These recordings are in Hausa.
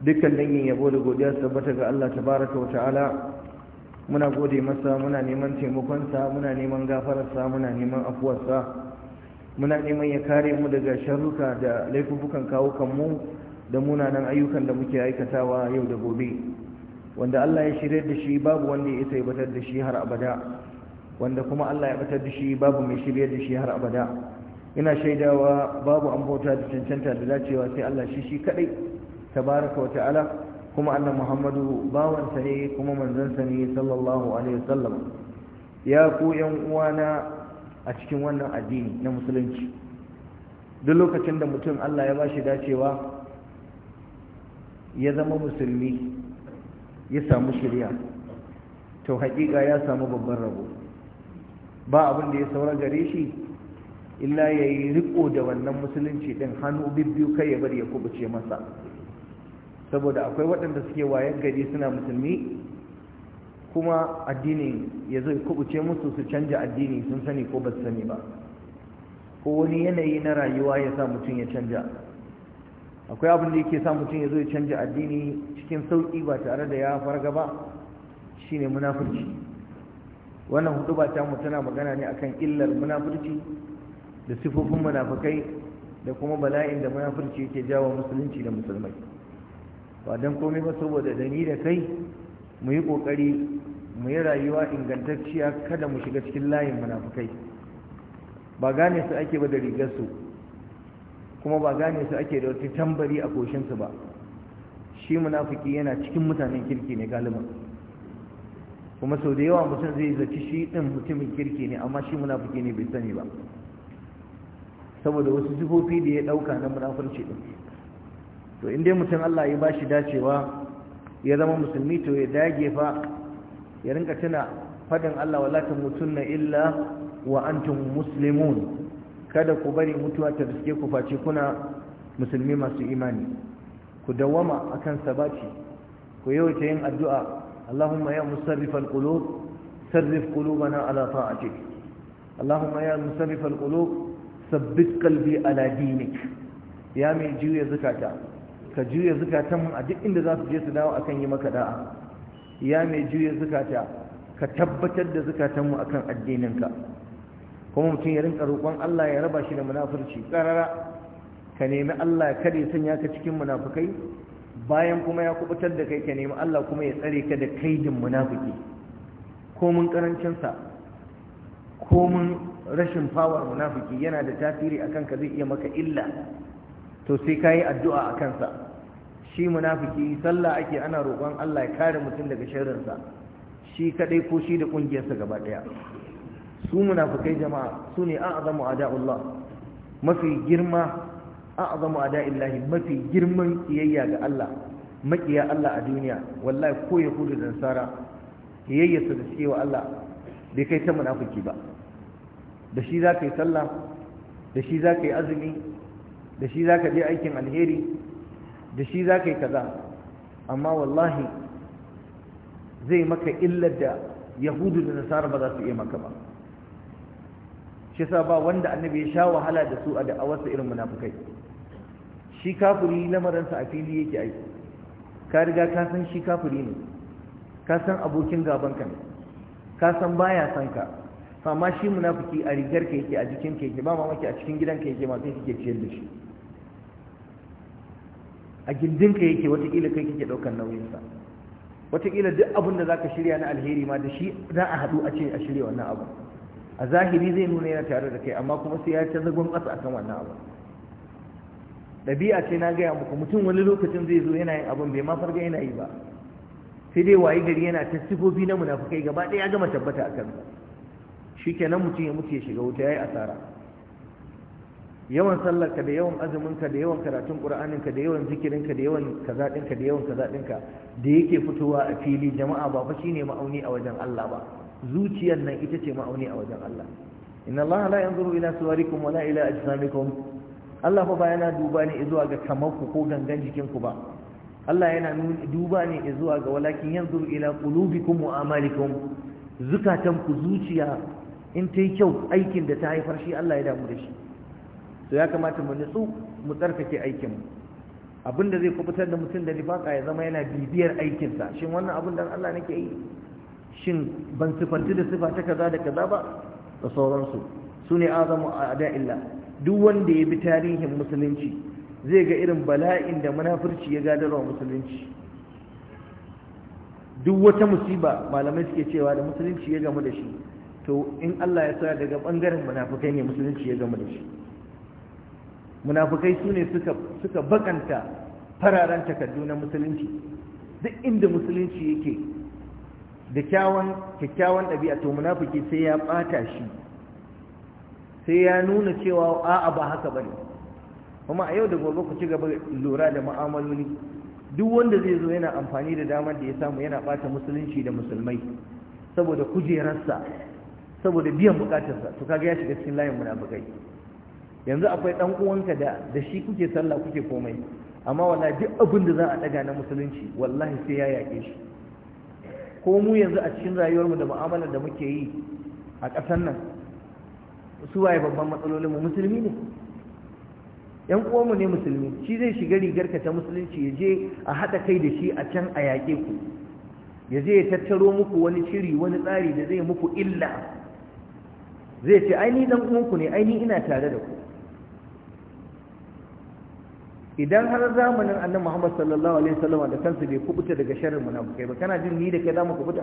dukkan dangin yabo da godiya su tabbata ga Allah tabaraka wa ta'ala muna gode masa muna neman taimakonsa muna neman gafararsa muna neman afuwarsa muna neman ya kare mu daga sharruka da laifukan kawukan mu da munanan ayyukan da muke aikatawa yau da gobe wanda Allah ya shirye da shi babu wanda ya isa da shi har abada wanda kuma Allah ya batar da shi babu mai shirye da shi har abada ina shaidawa babu an bauta da cancanta da dacewa sai Allah shi shi kadai tabaraka wata'ala kuma annan muhammadu bawansa ne kuma manzansa ne sallallahu alaihi wasallam ya ku yan uwana a cikin wannan addini na musulunci duk lokacin da mutum Allah ya bashi dacewa ya zama musulmi ya samu shirya to hakika ya samu babban rabo ba abin da ya saura gare shi illa ya yi riko da wannan musulunci din hannu bibbiyu kai ya bari ya kubuce masa saboda akwai waɗanda suke wayan gari suna musulmi kuma addini ya zai kubuce musu su canja addini sun sani ko ba su sani ba ko wani yanayi na rayuwa ya sa mutum ya canja akwai abin da yake sa mutum ya zo ya canja addini cikin sauƙi ba tare da ya farga ba shine munafurci wannan hudu ba ta tana magana ne akan illar munafurci da sifofin munafukai da kuma bala'in da munafurci yake jawo musulunci da musulmai ba don komai ba saboda da ni da kai mu yi ƙoƙari mu yi rayuwa ingantacciya kada mu shiga cikin layin munafukai ba gane su ake ba da rigarsu kuma ba gane su ake da wata tambari a koshinsu ba shi munafuki yana cikin mutanen kirki ne galiban kuma sau da yawa mutum zai zaci shi ɗin mutumin kirki ne amma shi munafuki ne bai sani ba saboda wasu jihofi da ya ɗauka na munafurci ɗin to in dai mutum Allah ya bashi dacewa ya zama musulmi to ya dage fa ya rinka tuna fadin Allah wala tamutunna illa wa antum muslimun kada ku bari mutuwa ta biske ku face kuna musulmi masu imani ku dawama akan sabaci ku yawaita yin addu'a Allahumma ya musarrifal qulub sarrif qulubana ala ta'atik Allahumma ya musarrifal qulub thabbit qalbi ala dinik ya mai juya zakata ka juya zukatan a duk inda za su je su dawo akan yi maka da'a ya mai juya zukata ka tabbatar da zukatanmu akan addininka kuma mutum ya rinka roƙon Allah ya raba shi da munafurci karara ka nemi Allah ya kare sanya ka cikin munafukai bayan kuma ya kubutar da kai ka nemi Allah kuma ya tsare ka da kaidin munafiki sa ko mun rashin fawar munafuki, yana da tasiri akan ka zai iya maka illa to sai ka yi addu'a a kansa shi munafiki sallah ake ana roƙon Allah ya kare mutum daga sa shi kaɗai ko shi da ƙungiyarsa gaba ɗaya su munafikai jama'a su ne a'azamu ada'ullah mafi girma a'zamu ada'illahi mafi girman kiyayya ga Allah makiya Allah a duniya wallahi ko yahudu da nasara kiyayyarsa da suke wa Allah bai kai ta munafiki ba da shi za ka yi sallah da shi za ka yi azumi da shi za ka je aikin alheri da shi za ka yi kaza amma wallahi zai maka illar da yahudu da nasara ba za su iya maka ba shi sa ba wanda annabi ya sha wahala da su a da'awarsa irin munafukai shi kafuri lamarinsa a fili yake aiki ka riga ka san shi kafuri ne ka san abokin gabanka ne ka san baya san ka amma shi munafuki a rigar ka yake a jikin ka yake ba mamaki a cikin gidan ka yake ma sai kike ciyar da shi a gindinka yake watakila kai kike ɗaukar nauyinsa watakila duk abin da zaka shirya na alheri ma da shi za a hadu a ce a shirya wannan abu a zahiri zai nuna yana tare da kai amma kuma sai ya canza zagon ƙasa akan wannan abu ɗabi'a ce na gaya muku mutum wani lokacin zai zo yana yin abin bai ma farga yana yi ba sai dai wayi gari yana ta sifofi na munafukai gaba ɗaya ya gama tabbata a kansa shikenan mutum ya mutu ya shiga wuta ya yi asara yawan sallarka da yawan azuminka da yawan karatun ƙur'aninka da yawan zikirinka da yawan kazaɗinka da yawan kazaɗinka da yake fitowa a fili jama'a ba fa shine ma'auni a wajen Allah ba zuciyar nan ita ce ma'auni a wajen Allah inna Allah la yanzuru ila suwarikum wala ila ajsamikum Allah fa ba yana duba ne zuwa ga kamarku ko gangan jikinku ba Allah yana duba ne zuwa ga walakin yanzuru ila qulubikum wa amalikum zukatanku zuciya in ta yi kyau aikin da ta haifar shi Allah ya damu da shi to ya kamata mu nutsu mu tsarkake aikin abin da zai kubutar da mutum da nifaka ya zama yana bibiyar aikinsa shin wannan abin da Allah nake yi shin ban sifanti da sifa ta kaza da kaza ba da sauransu su ne azamu a da'illa duk wanda ya bi tarihin musulunci zai ga irin bala'in da munafurci ya gadarwa musulunci duk wata musiba malamai suke cewa da musulunci ya gamu da shi to in Allah ya sa daga bangaren munafukai ne musulunci ya gamu da shi munafukai su ne suka bakanta fararen takardu na musulunci duk inda musulunci yake da kyakkyawan ɗabi'a to munafuki sai ya ɓata shi sai ya nuna cewa a'a ba haka ba ne kuma a yau da gobe ku ci gaba lura da ma'amaloli duk wanda zai zo yana amfani da damar da ya samu yana ɓata musulunci da musulmai saboda kujerarsa saboda biyan bukatarsa to kaga ya shiga cikin layin munafukai yanzu akwai ɗan uwanka da da shi kuke sallah kuke komai amma wallahi duk abin da za a daga na musulunci wallahi sai ya yake shi ko mu yanzu a cikin rayuwarmu da mu'amalar da muke yi a ƙasar nan su waye babban mu musulmi ne yan mu ne musulmi shi zai shiga rigar ka ta musulunci ya je a haɗa kai da shi a can a yaƙe ku ya ya tattaro muku wani shiri wani tsari da zai muku illa zai ce ai ni dan uwanku ne ai ni ina tare da ku idan har zamanin annabi Muhammad sallallahu alaihi wasallam da kansa bai kubuta daga sharrin munafikai ba kana jin ni da kai zamu kubuta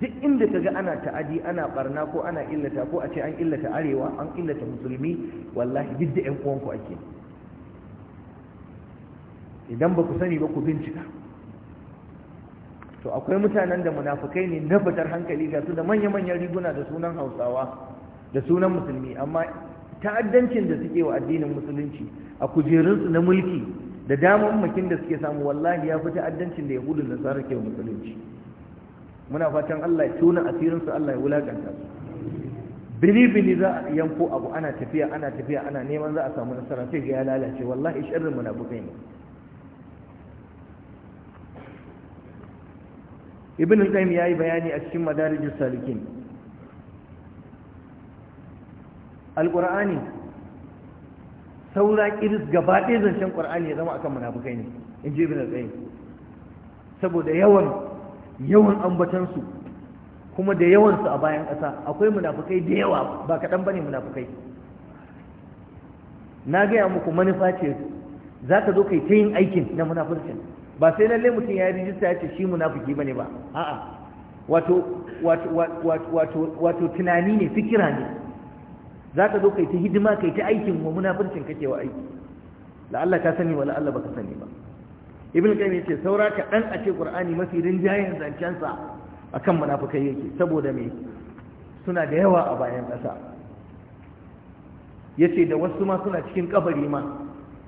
duk inda ka ga ana ta'adi ana barna ko ana illata ko a ce an illata arewa an illata musulmi wallahi duk da 'yan uwanku ake idan ba ku sani ba ku bincika to akwai mutanen da munafukai ne na fitar hankali ga su da manya-manyan riguna da sunan hausawa da sunan musulmi amma ta'addancin da suke wa addinin musulunci a kujerunsu na mulki da damammakin da suke samu wallahi ya fi ta'addancin da yahudun da tsara ke wa musulunci muna fatan Allah ya tuna asirinsu Allah ya wulakanta su bini-bini za a yanko abu ana tafiya ana tafiya ana neman za a samu nasara sai ga ya lalace wallahi sharrin munafukai ne ibn al-qayyim yayi bayani a cikin madarijus salikin alƙur'ani saura ƙiris gaba ɗaya zancen ƙur'ani ya zama akan munafukai ne in ji ibn al saboda yawan yawan ambatansu kuma da yawansu a bayan ƙasa akwai munafukai da yawa ba kaɗan bane munafukai na gaya muku manufa ce za ka zo kai ta yin aikin na munafurcin ba sai lallai mutum ya rijista ya ce shi munafuki bane ba a'a wato wato wato wato tunani ne fikira ne za ka zo kai ta hidima kai ta aikin wa munafircin kake wa aiki la'alla ka sani wa la'alla baka sani ba ibn kayyim yace saura ka dan a ce qur'ani mafi rinjayen zancensa akan munafikai yake saboda me suna da yawa a bayan kasa yace da wasu ma suna cikin kabari ma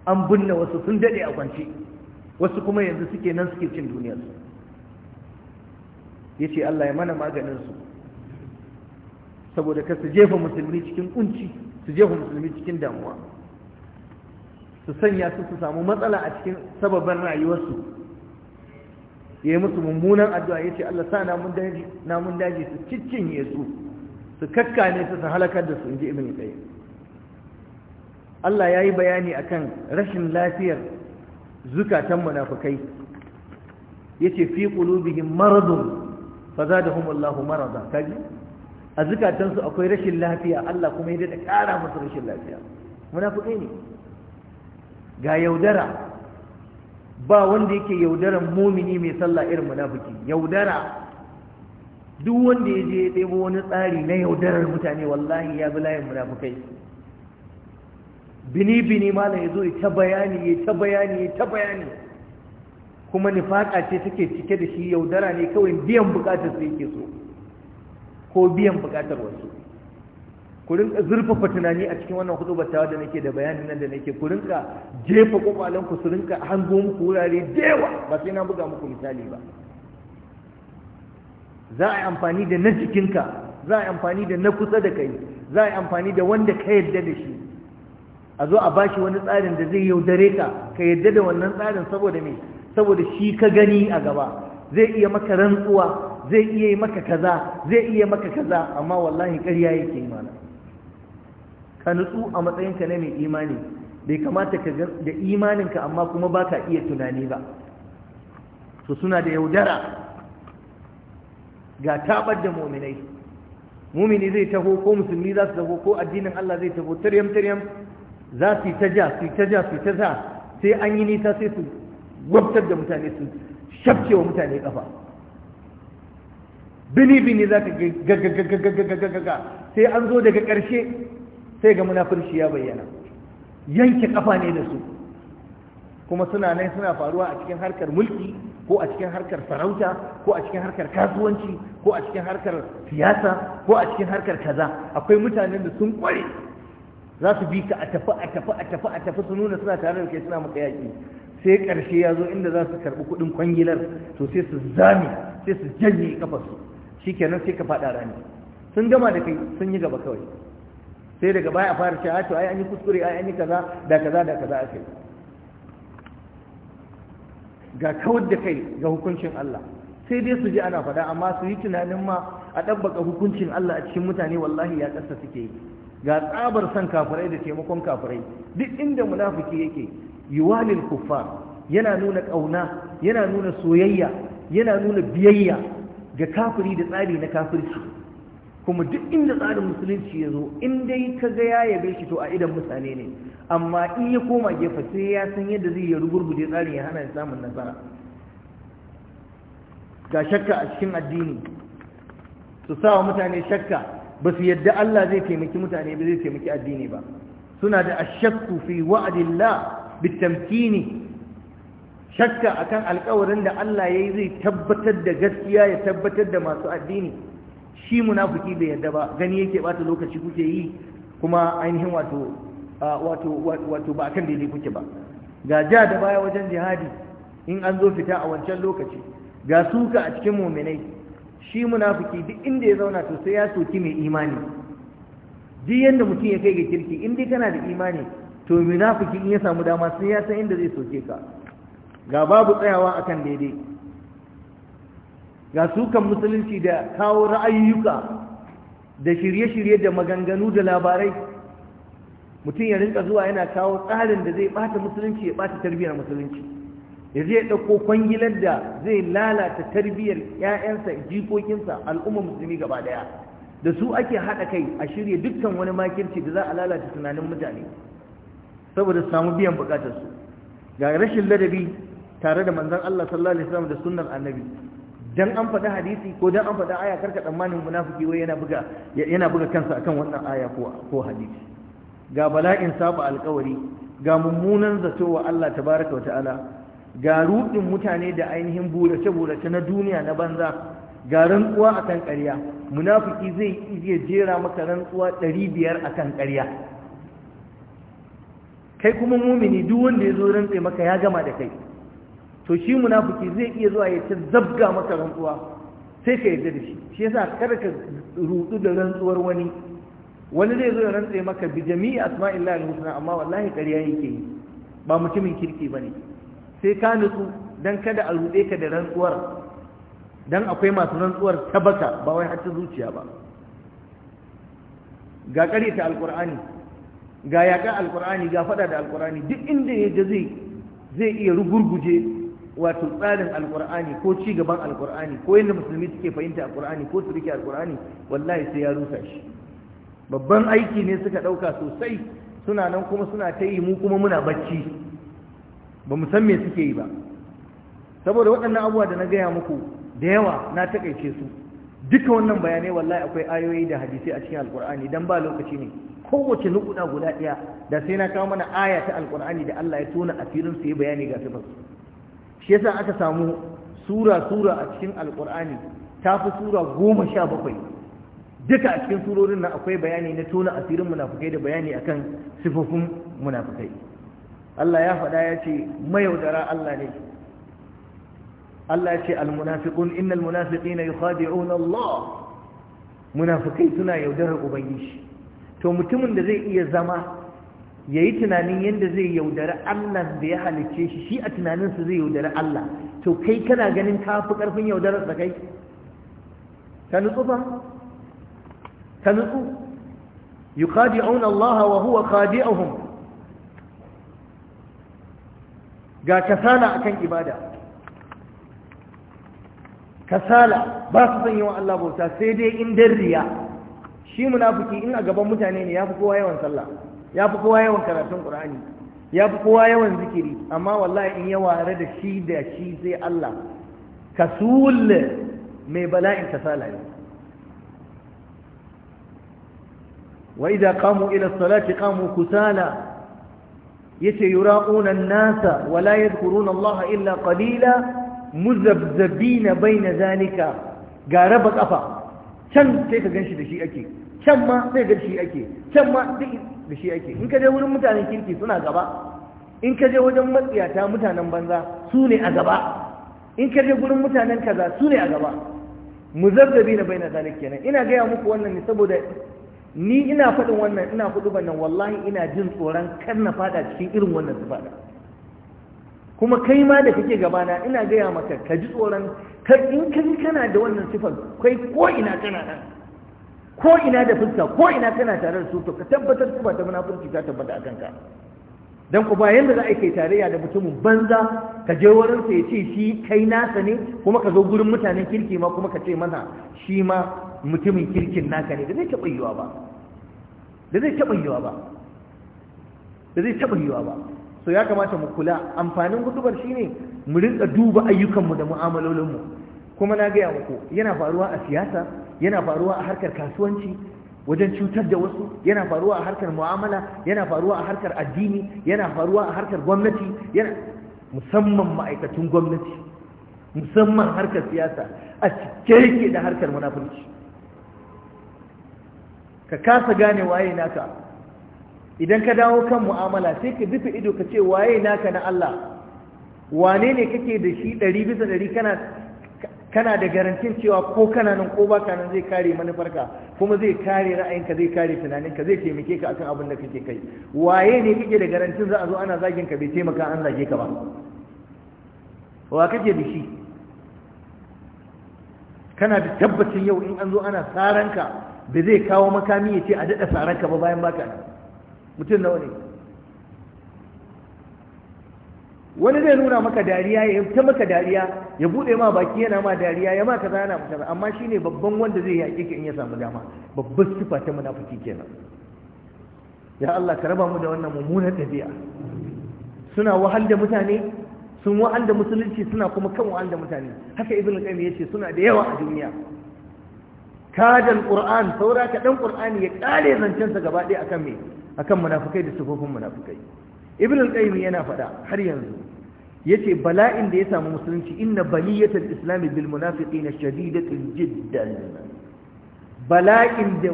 an binne wasu sun dade a kwance wasu kuma yanzu suke nan suke cin duniyarsu yace Allah ya mana maganin su saboda ka su jefa musulmi cikin kunci su jefa musulmi cikin damuwa su sanya su su samu matsala a cikin sababin rayuwarsu ya yi musu mummunan addu'a ya ce Allah sa namun daji su cikin su su kakkane su su halakar da su in ji ibn kai. Allah ya yi bayani akan rashin lafiyar zukatan munafukai ce fi ƙulubihin maradun fazadahum Allah marada kaji a zukatansu akwai rashin lafiya Allah kuma ya da ƙara musu rashin lafiya munafukai ne ga yaudara ba wanda yake yaudaran momini mai sallah irin munafuki. yaudara duk wanda ya je ya ɗebo wani tsari na yaudarar mutane wallahi ya bi layin munafukai bini bini mana ya zo ya ta bayani ya ta bayani ya ta bayani kuma nifaƙa ce take cike da shi yaudara ne kawai biyan bukatar su yake so ko biyan bukatar wasu ku rinka zurfafa tunani a cikin wannan batawa da nake da bayanin nan da nake ku rinka jefa kwakwalen ku su rinka hango muku wurare da yawa ba sai na buga muku misali ba za a yi amfani da na jikinka za a yi amfani da na kusa da kai za a yi amfani da wanda ka yadda da shi a zo a bashi wani tsarin da zai yaudare ka ka yadda da wannan tsarin saboda me saboda shi ka gani a gaba zai iya maka rantsuwa zai iya yi maka kaza zai iya maka kaza amma wallahi ƙarya yake yi ka nutsu a matsayinka na mai imani bai kamata ka da imaninka amma kuma baka iya tunani ba su suna da yaudara ga tabar da muminai mumini zai taho ko musulmi za su taho ko addinin Allah zai taho taryam taryam za su yi ta ja su yi ta ja su yi ta sa sai an yi nisa sai su gwabtar da mutane su shafcewa mutane kafa bini bini za ka gaggagagagagagaga sai an zo daga ƙarshe sai ga munafurci ya bayyana yanke ƙafa ne da su kuma suna nan suna faruwa a cikin harkar mulki ko a cikin harkar sarauta ko a cikin harkar kasuwanci ko a cikin harkar siyasa ko a cikin harkar kaza akwai mutanen da sun kware za su bi ka a tafi a tafi a tafi a tafi su nuna suna tare da kai suna maka yaƙi sai ƙarshe ya zo inda za su karɓi kuɗin kwangilar to sai su zame sai su janye kafarsu shi shikenan sai ka faɗa rani sun gama da kai sun yi gaba kawai sai daga baya a fara cewa to ai an yi kuskure ai an yi kaza da kaza da kaza ake ga kawar da kai ga hukuncin Allah sai dai su ji ana faɗa amma su yi tunanin ma a ɗabbaka hukuncin Allah a cikin mutane wallahi ya ƙasa suke yi ga tsabar son kafirai da taimakon kafirai duk inda munafiki yake yuwalil kuffar yana nuna ƙauna yana nuna soyayya yana nuna biyayya ga kafiri da tsari na kafirci kuma duk inda tsarin musulunci ya zo in dai ka ga ya yabe shi to a idan mutane ne amma in ya koma gefe sai ya san yadda zai ya rugurguje tsarin ya hana samun nasara ga shakka a cikin addini su sa wa mutane shakka ba su yadda Allah zai taimaki mutane ba zai taimaki addini ba suna da ashakku fi wa'adillah bitamkini shakka akan alkawarin da Allah ya yi zai tabbatar da gaskiya ya tabbatar da masu addini shi munafiki bai yadda ba gani yake bata lokaci kuke yi kuma ainihin wato wato wato ba akan daidai kuke ba ga ja da baya wajen jihadi in an zo fita a wancan lokaci ga suka a cikin muminai shi munafiki duk inda ya zauna to sai ya soki mai imani duk yanda mutum ya kai ga kirki in dai kana da imani to munafiki in ya samu dama sai ya san inda zai soke ka ga babu tsayawa akan daidai ga sukan musulunci da kawo ra'ayyuka da shirye-shirye da maganganu da labarai mutum ya rinka zuwa yana kawo tsarin da zai bata musulunci ya bata tarbiyyar musulunci ya zai ɗauko kwangilar da zai lalata tarbiyyar 'ya'yansa jikokinsa al'umma musulmi gaba daya da su ake haɗa kai a shirya dukkan wani makirci da za a lalata tunanin mutane saboda samu biyan bukatarsu ga rashin ladabi tare da manzon Allah sallallahu alaihi wasallam da sunnar annabi dan an faɗi hadisi ko dan an faɗi aya karka tsammanin munafiki wai yana buga yana buga kansa akan wannan aya ko ko hadisi ga bala'in saba alƙawari ga mummunan zato wa Allah tabaraka wa ta'ala ga rudin mutane da ainihin burace burace na duniya na banza ga rantsuwa akan ƙarya munafiki zai iya jera maka rantsuwa 500 akan ƙarya kai kuma mumini duk wanda ya zo rantse maka ya gama da kai to shi munafiki zai iya zuwa ya ta zabga maka rantsuwa sai ka yarda da shi shi yasa kada ka rudu da rantsuwar wani wani zai zo ya rantse maka bi jami'i asma'illahi al-husna amma wallahi kariya yake yi ba mutumin kirki bane sai ka nutsu dan kada a rude ka da rantsuwar dan akwai masu rantsuwar ta baka ba wai har ta zuciya ba ga ta alqur'ani ga yaƙa alqur'ani ga fada da alqur'ani duk inda ya je zai zai iya rugurguje wato tsarin alkur'ani ko ci gaban alkur'ani ko yadda musulmi suke fahimta alkur'ani ko su rike alkur'ani wallahi sai ya rusa shi babban aiki ne suka ɗauka sosai suna nan kuma suna ta yi mu kuma muna bacci ba mu san me suke yi ba saboda waɗannan abubuwa da na gaya muku da yawa na takaice su duka wannan bayanai wallahi akwai ayoyi da hadisai a cikin alkur'ani dan ba lokaci ne kowace nukuda guda ɗaya da sai na kawo mana aya ta alkur'ani da Allah ya tona a filin su yi bayani ga sifar shi yasa aka samu sura-sura a cikin alkur'ani ta fi sura goma sha bakwai duka a cikin surorin na akwai bayani na tona asirin munafukai da bayani akan sifofin munafukai Allah ya faɗa ya ce mayaudara Allah ne Allah ya ce almunafiƙun, innal yi yukhadi'una Allah munafukai suna yaudarar ubangiji to mutumin da zai iya zama ya yi tunanin yadda zai yaudari Allah da ya halicce shi shi a tunaninsa zai yaudari Allah to kai kana ganin ta fi ƙarfin yaudarar da kai ka nutsu ba ka nutsu auna Allah wa huwa qadi'uhum ga kasala a kan ibada kasala ba su son yawan Allah bauta sai dai in dariya shi munafuki in a gaban mutane ne ya fi kowa yawan sallah ya fi kowa yawan karatun ƙur'ani ya fi kowa yawan zikiri amma wallahi in ya ware da shi da shi sai Allah kasul mai bala'in kasala ne wa idza qamu ila salati qamu kusala yace yura'una an-nasa wa la yadhkuruna Allah illa qalila muzabzabina baina zalika ga raba kafa can sai ka ganshi da shi ake can ma sai ga shi ake can ma da shi ake in ka je wurin mutanen kirki suna gaba in ka je wajen matsiyata mutanen banza su ne a gaba in ka je wurin mutanen kaza su ne a gaba Mu muzabzabi na baina zalik kenan ina gaya muku wannan ne saboda ni ina faɗin wannan ina faɗi wannan wallahi ina jin tsoron kar na fada cikin irin wannan su kuma kai ma da kake gabana ina gaya maka ka ji tsoron kar in ka kana da wannan sifar kai ko ina kana nan ko ina da fuska ko ina kana tare da su to ka tabbatar su ba ta munafurci ta tabbata akan ka dan ku bayan da za a kai tarayya da mutumin banza ka je wurin sa ya ce shi kai nasa ne kuma ka zo gurin mutanen kirki ma kuma ka ce mana shi ma mutumin kirkin naka ne da zai taɓa yiwa ba da zai taɓa yiwa ba da zai taɓa yiwa ba so ya kamata mu kula amfanin gudubar shine mu rinka duba ayyukan mu da mu'amalolin mu kuma na gaya muku yana faruwa a siyasa yana faruwa a harkar kasuwanci wajen cutar da wasu yana faruwa a harkar mu'amala yana faruwa a harkar addini yana faruwa a harkar gwamnati yana musamman ma'aikatun gwamnati musamman harkar siyasa a cike yake da harkar munafurci ka kasa gane waye naka idan ka dawo kan mu'amala sai ka dufe ido ka ce waye naka na Allah wane ne kake da shi ɗari bisa ɗari kana kana da garantin cewa ko kana nan ko baka nan zai kare manufarka kuma zai kare ra'ayinka zai kare tunaninka zai taimake ka akan abin da kake kai waye ne kike da garantin za a zo ana zagin ka bai taimaka an zage ka ba wa kake da shi kana da tabbacin yau in an zo ana saranka bai zai kawo makami ya ce a daɗa saranka ba bayan baka mutum nawa ne wani zai nuna maka dariya ya ta maka dariya ya bude ma baki yana ma dariya ya ma kaza yana maka kaza amma shine babban wanda zai yaƙi ka in ya samu dama babban sifa ta munafiki kenan ya Allah ka raba mu da wannan mummunar dabi'a suna wahal da mutane sun wahal da musulunci suna kuma kan wahal da mutane haka ibn qayyim yace suna da yawa a duniya kadan qur'an saura ka dan qur'ani ya kare zancensa gaba ɗaya akan me akan munafikai da sufofin munafikai ibn al-qayyim yana fada har yanzu yace bala'in da ya samu musulunci inna baliyatul islam bil munafiqin shadidatun jiddan bala'in da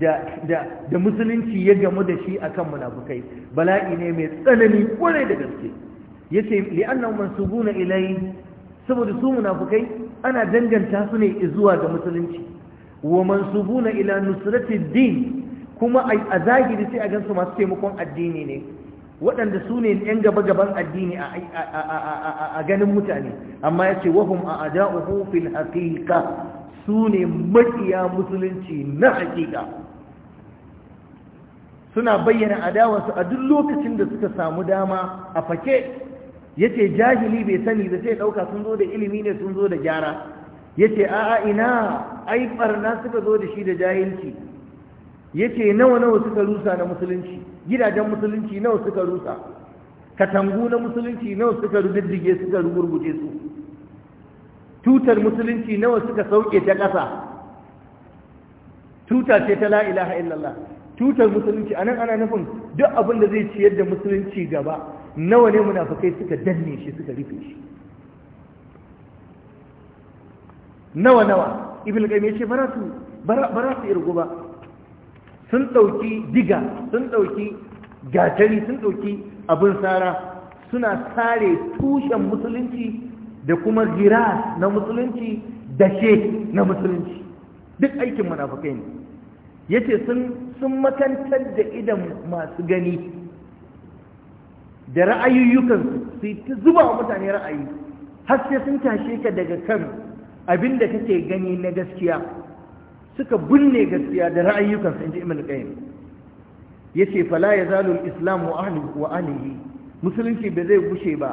da da da musulunci ya gamu da shi akan munafikai bala'i ne mai tsanani kwarai da gaske yace li'annahum mansubuna ilayhi saboda su munafikai ana danganta su ne zuwa ga musulunci wa mansubuna ila nusratid din kuma a zahiri sai a gansu masu taimakon addini ne waɗanda su ne ‘yan gaba-gaban addini a ganin mutane amma ya ce wahum a aja'uhu fil haƙiƙa su ne maƙiya musulunci na haƙiƙa suna bayyana adawarsu a duk lokacin da suka samu dama a fake ya ce jahili bai sani da sai ɗauka sun zo da ilimi ne sun zo da gyara ya ce a'a ina ai ɓarna suka zo da shi da jahilci yace nawa nawa suka rusa na musulunci gidajen musulunci nawa suka rusa katangu na musulunci nawa suka rudiddige suka rugurguje su tutar musulunci nawa suka sauke ta ƙasa tuta ce ta la ilaha illallah tutar musulunci anan ana nufin duk abin da zai ciyar da musulunci gaba nawa ne munafikai suka danne shi suka rufe shi nawa nawa ibn qayyim yace bara su bara su irgo ba sun ɗauki diga sun ɗauki gatari sun ɗauki abin tsara, suna sare tushen musulunci da kuma zira na musulunci da she na musulunci duk aikin munafukai ne Ya ce sun makantar da idan masu gani da ra'ayoyukansu su ta zuba wa mutane ra'ayi har sun tashe ka daga kan abin da kake gani na gaskiya suka binne gaskiya da ra'ayyukansu inji ibn qayyim yace fala yazalu al-islam wa ahli wa musulunci bai zai gushe ba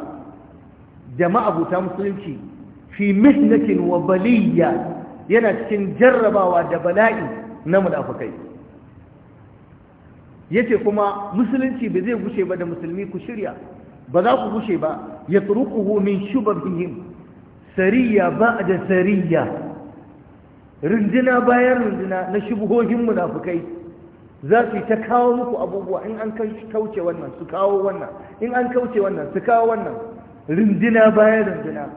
jama'a buta musulunci fi mihnatin wa baliyya yana cikin jarrabawa da bala'i na Ya yace kuma musulunci bai zai gushe ba da musulmi ku shirya ba za ku gushe ba yatruquhu min shubahihim sariya da sariya runduna bayan runduna na shubuhohin munafukai za su yi ta kawo muku abubuwa in an kauce wannan su kawo wannan in an kauce wannan su kawo wannan rundina bayan rundina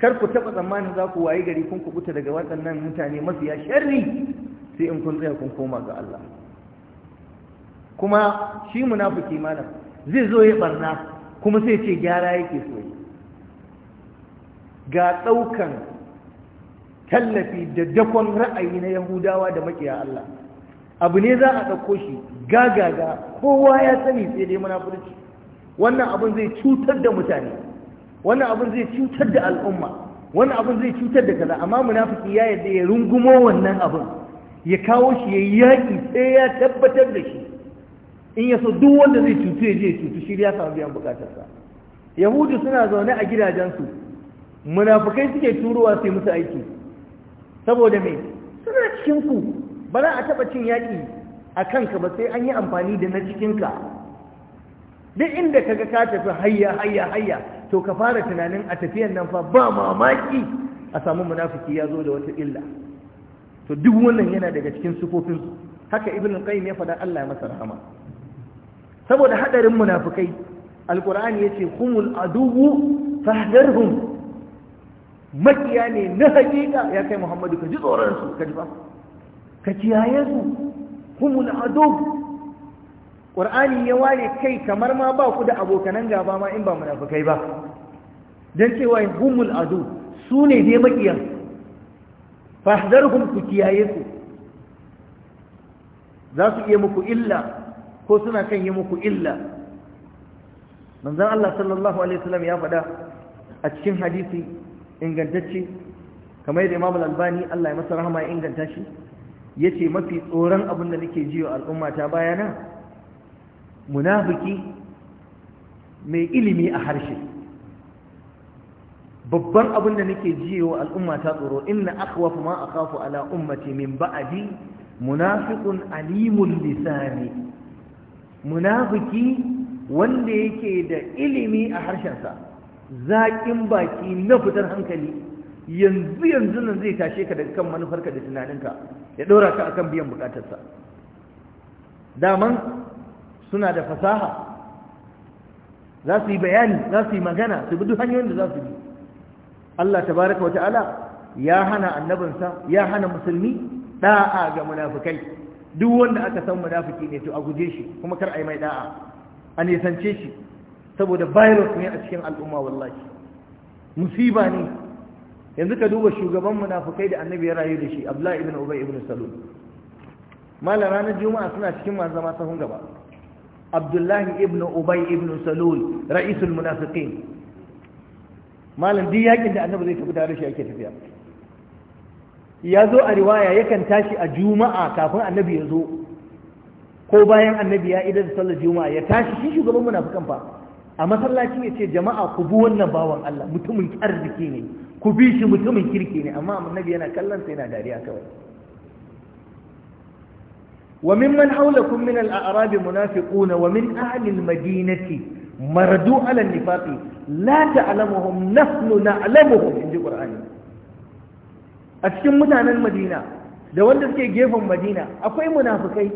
kar ku taɓa tsammanin za ku wayi gari kun kubuta daga waɗannan mutane mafiya sharri sai in kun tsaya kun koma ga Allah kuma shi munafuki malam zai zo ya barna kuma sai ce gyara yake so ga ɗaukan tallafi da dakon ra'ayi na yahudawa da makiya Allah abu ne za a ɗauko shi gagaga kowa ya sani sai dai munafurci wannan abin zai cutar da mutane wannan abin zai cutar da al'umma wannan abin zai cutar da kaza amma munafiki ya yadda ya rungumo wannan abin ya kawo shi ya yi yaƙi sai ya tabbatar da shi in ya so duk wanda zai cutu ya je cutu shi ya samu biyan bukatarsa yahudu suna zaune a gidajensu munafukai suke turowa sai musu aiki saboda mai suna cikin ku ba za a taba cin yaƙi a kanka ba sai an yi amfani da na cikinka. duk inda ka ga ka tafi hayya hayya hayya to ka fara tunanin a tafiyan nan fa ba mamaki a samu munafiki ya zo da wata illa to duk wannan yana daga cikin sufofin haka ibnu qayyim ya faɗa Allah ya masa rahama saboda hadarin munafikai alqur'ani yace humul aduwu fahdarhum makiya ne na hakika ya kai muhammadu ka ji tsoron ka ji ba ka kiyaye su humul Ado. qur'ani ya ware kai kamar ma ba ku da abokanan gaba ma in ba munafikai ba dan cewa humul adu su ne dai makiyan fahdarhum ku kiyaye su za su iya muku illa ko suna kan yi muku illa manzon Allah sallallahu alaihi wasallam ya faɗa a cikin hadisi ingantacce kamar yadda imam albani Allah ya masa rahama ya inganta shi yace mafi tsoron abin da nake jiyo al'umma ta bayana munafiki mai ilimi a harshe babban abin da nake jiyo al'umma ta tsoro inna akhwafu ma akhafu ala ummati min ba'di munafiqun alimul lisani munafiki wanda yake da ilimi a harshensa zaƙin baki na fitar hankali yanzu yanzu nan zai tashe ka daga kan manufarka da tunaninka ya ɗora ka akan biyan buƙatarsa daman suna da fasaha za su yi bayani za su yi magana su bi duk hanyoyin da za su bi Allah Ta tabaraka wata'ala ya hana annabinsa ya hana musulmi da'a ga munafikai duk wanda aka san munafuki ne to a guje shi kuma kar a yi mai da'a a nisance shi saboda virus ne a cikin al'umma wallahi musiba ne yanzu ka duba shugaban munafukai da annabi ya rayu da shi abdullahi ibn ubay ibn salul malam ranar juma'a suna cikin masu zama sahun gaba abdullahi ibn ubay ibn salul ra'isul munafiqin malam duk yakin da annabi zai tafi tare shi ake tafiya ya zo a riwaya yakan tashi a juma'a kafin annabi ya zo ko bayan annabi ya idar sallar juma'a ya tashi shi shugaban munafukan fa a masallaci ya ce jama'a ku bi wannan bawan Allah mutumin arziki ne ku bi shi mutumin kirki ne amma annabi yana kallon sai yana dariya kawai wa mimman haulakum min al-a'rab munafiqun wa min ahli al-madinati maradu ala an-nifaqi la ta'lamuhum nahnu na'lamuhum inji qur'ani a cikin mutanen madina da wanda suke gefen madina akwai munafikai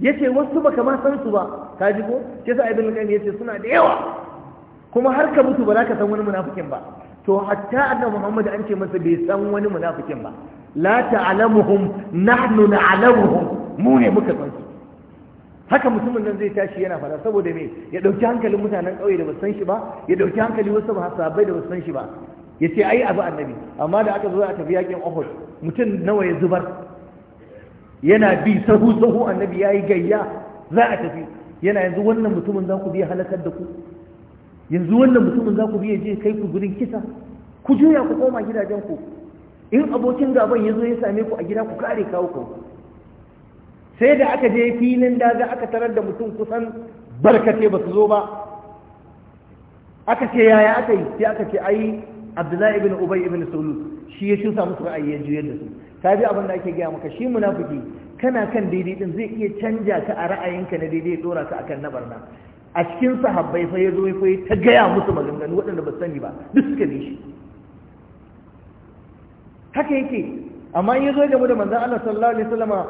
yace wasu baka ma san su ba ka ji ko yasa ibn qayyim yace suna da yawa kuma har ka mutu ba za ka san wani munafikin ba to hatta annabi Muhammad an ce masa bai san wani munafikin ba la ta'lamuhum nahnu na'lamuhum mu ne muka san su haka mutumin nan zai tashi yana fara saboda me ya dauki hankalin mutanen kauye da ba san shi ba ya dauki hankalin wasu ba sahabbai da ba san shi ba yace ai abu annabi amma da aka zo aka tafi yakin Uhud mutum nawa ya zubar yana bi sahu sahu annabi ya yi gayya za a tafi yana yanzu wannan mutumin za ku biya halakar da ku yanzu wannan mutumin za ku biya je kai ku gurin kisa ku juya ku koma gidajen ku in abokin gaban ya zo ya same ku a gida ku kare kawo ku sai da aka je filin daga aka tarar da mutum kusan barkace ba su zo ba aka ce yaya aka yi sai aka ce ai abdullahi ibn ubay ibn sulul shi ya cusa musu ra'ayi ya juyar da su ka bi abin da ake gaya maka shi munafiki kana kan daidai din zai iya canja ka a ra'ayinka na daidai dora ka akan na barna a cikin sahabbai fa ya zo fa ta gaya musu maganganu waɗanda ba sani ba duk suka ne shi haka yake amma in ya zo game da manzon Allah sallallahu alaihi wasallama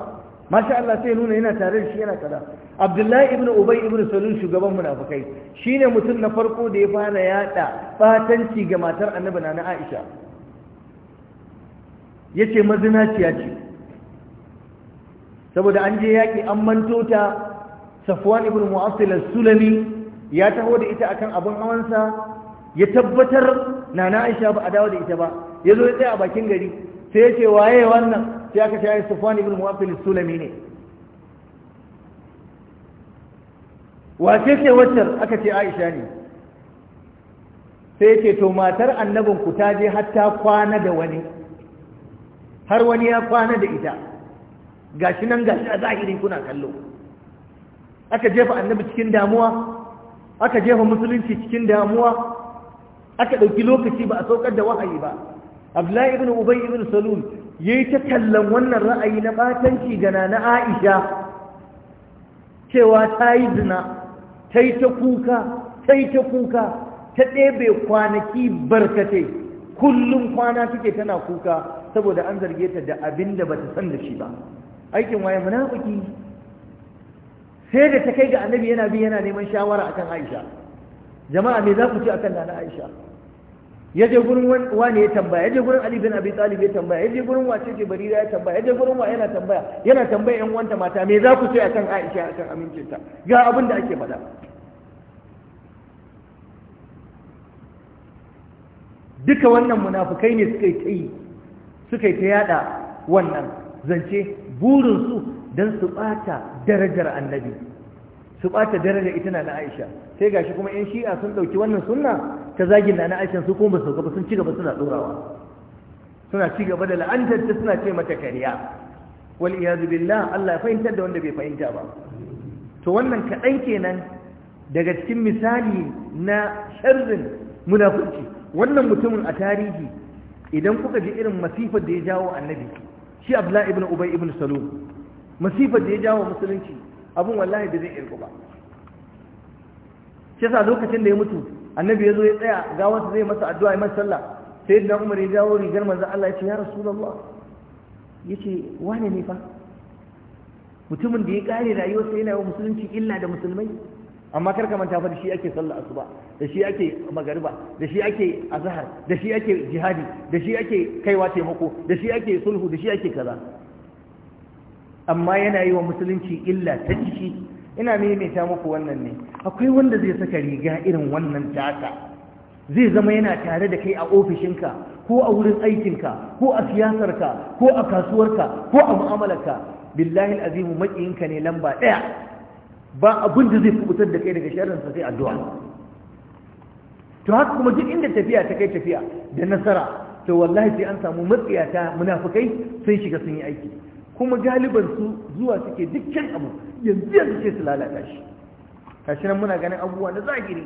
masha Allah sai nuna yana tare da shi yana kaza Abdullahi ibn Ubay ibn Salul shugaban munafikai shine mutum na farko da ya fara yada batanci ga matar Annabi na Aisha yace mazinaciya ce saboda an je yaƙi an manto ta safwan ibn mu'assil sulami ya taho da ita akan abin awansa ya tabbatar nana aisha ba a dawo da ita ba ya zo ya tsaya a bakin gari sai yace waye wannan sai aka ce safwan ibn mu'assil sulami ne wa ce waccar aka ce aisha ne sai yace ce to matar ku ta je hatta kwana da wani har wani ya kwana da ita gashi nan gashi a zahiri kuna kallo aka jefa annabi cikin damuwa aka jefa musulunci cikin damuwa aka ɗauki lokaci ba a saukar da wahayi ba abdullahi ibn ubay ibn salul yayi ta kallon wannan ra'ayi na batanci gana na aisha cewa ta yi zina ta yi ta kuka ta ta kuka ta ɗebe kwanaki barkatai kullum kwana take tana kuka saboda an zarge ta da abin da bata san da shi ba aikin waye munafiki sai da ta kai ga annabi yana bi yana neman shawara akan Aisha jama'a me za ku ci akan nana Aisha ya je gurin wani ya tambaya ya je gurin Ali bin Abi Talib ya tambaya ya je gurin wace ce Barira ya tambaya ya je gurin wa yana tambaya yana tambaya ƴan uwanta mata me za ku ce akan Aisha akan amincinta ga abin da ake faɗa duka wannan munafukai ne suka yi suka yi ta yada wannan zance burinsu don su ɓata darajar annabi su ɓata darajar ita na Aisha sai gashi kuma yan shi'a sun ɗauki wannan sunna ta zagin na Aisha su kuma ba su gaba sun ci gaba suna ɗorawa suna ci gaba da la'antar ta suna ce mata kariya wal iyazu billah Allah ya fahimtar da wanda bai fahimta ba to wannan kaɗan kenan daga cikin misali na sharrin munafurci wannan mutumin a tarihi idan kuka ji irin masifar da ya jawo annabi shi abla ibn ubay ibn salul masifar da ya jawo musulunci abun wallahi da zai irgo ba shi lokacin da ya mutu annabi ya zo ya tsaya gawarsa zai masa addu'a ya masa sallah sai da umar ya jawo rigar manzo Allah ya ce ya rasulullah yace wane ne fa mutumin da ya kare rayuwarsa yana wa musulunci illa da musulmai amma kar ka manta fa da shi ake sallah asuba da shi ake magariba da shi ake azhar da shi ake jihadi da shi ake kaiwa taimako da shi ake sulhu da shi ake kaza amma yana yi wa musulunci illa ta ciki ina maimaita muku wannan ne akwai wanda zai saka riga irin wannan taka zai zama yana tare da kai a ofishinka ko a wurin aikinka ko a siyasarka ko a kasuwarka ko a mu'amalarka billahi azimu makiyinka ne lamba ɗaya ba abin da zai kubutar da kai daga sharrinsa sai addu'a to haka kuma duk inda tafiya ta kai tafiya da nasara to wallahi sai an samu ta munafukai sun shiga sun yi aiki kuma galiban su zuwa suke dukkan abu yanzu yanzu ce su lalata shi kashi nan muna ganin abubuwa na zagiri